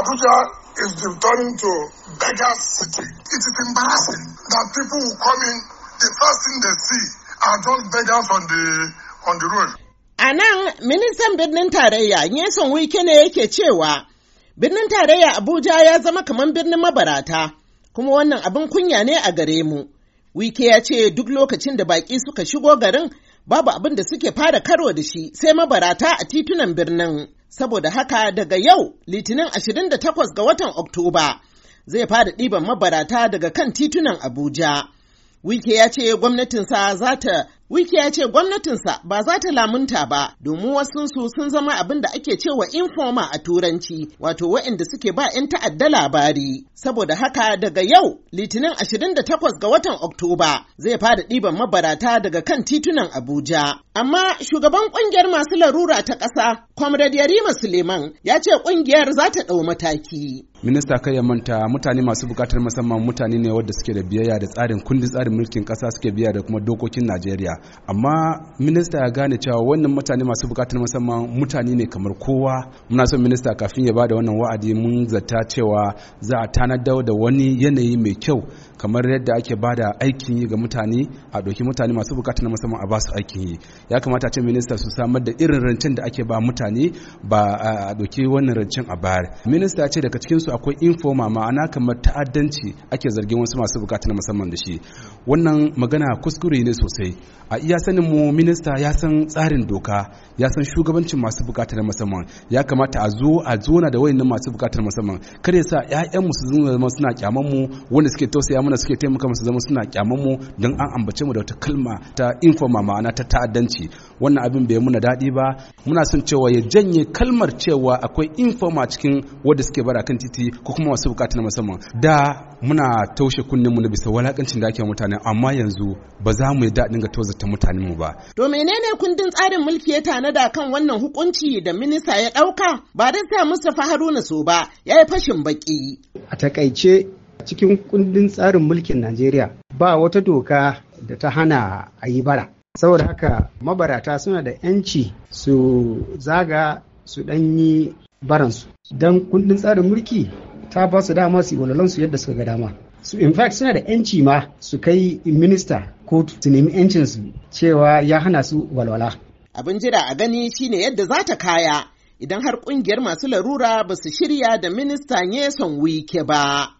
Abuja is returning to beggar city. It is embarrassing that people who come in, the first thing they see are just beggars on the, on the road. A nan, ministan birnin tarayya Nyesom Wike ne yake cewa birnin tarayya Abuja ya zama kamar birnin mabarata, kuma wannan abin kunya ne a gare mu. Wike ya ce duk lokacin da baƙi suka shigo garin babu abin da suke fara karo da shi sai mabarata a titunan birnin. Saboda haka daga yau Litinin 28 ga watan Oktoba zai fara ɗiban mabarata daga kan titunan Abuja. Wike ya ce gwamnatinsa za ta Wiki ya ce gwamnatinsa ba za ta lamunta ba domin su sun zama abin da ake cewa informa a turanci wato wa'inda suke ba 'yan ta'adda labari. Saboda haka daga yau litinin 28 ga watan Oktoba zai fara ɗiban mabarata daga kan titunan Abuja. Amma shugaban kungiyar masu larura ta kasa Comrade Yarima Suleiman, ya ce kungiyar za ta ɗau mataki. Minista kai ya manta mutane masu bukatar musamman mutane ne wadda suke da biyayya da tsarin kundin tsarin mulkin ƙasa suke biya da kuma dokokin Najeriya. Amma minista ya gane cewa wannan mutane masu bukatar musamman mutane ne kamar kowa. Muna son minista kafin ya bada wannan wa'adi mun zata cewa za a tanadar da wani yanayi mai kyau kamar yadda ake da aikin yi ga mutane a ɗauki mutane masu bukatu na musamman a ba su aikin yi ya kamata ce minista su samar da irin rancen da ake ba mutane ba a ɗauki wannan rancen a bayar minista ce daga cikinsu akwai informa ma'ana kamar ta'addanci ake zargin wasu masu bukatu na musamman da shi wannan magana kuskure ne sosai a iya sanin mu minista ya san tsarin doka ya san shugabancin masu bukatu na musamman ya kamata a zo a zona da wayannan masu bukatu na musamman kar ya sa 'ya'yanmu su zama suna kyamanmu mu wanda suke tausaya mana suke taimaka masu zama suna kyaman mu don an ambace mu da wata kalma ta informa ma'ana ta ta'addanci wannan abin bai muna daɗi ba muna son cewa ya janye kalmar cewa akwai informa cikin wanda suke bara kan titi ko kuma masu bukata na musamman da muna taushe kunnen mu na bisa walakancin da ake mutane amma yanzu ba za mu yi daɗin ga tozata mutanen mu ba. To menene kundin tsarin mulki ya da kan wannan hukunci da minista ya ɗauka ba da sa Mustapha Haruna so ba ya yi fashin baki. A takaice A cikin kundin tsarin mulkin najeriya ba wata doka da ta hana a yi bara saboda haka mabarata suna da 'yanci su zaga su ɗanyi baransu don kundin tsarin mulki ta ba su dama su yi su yadda suka ga dama su in fact suna da 'yanci ma su kai minista ko su nemi 'yancinsu cewa ya hana su walwala abin jira a gani shine yadda za ta kaya idan har kungiyar masu larura ba su shirya da minista Nyesom Wike ba.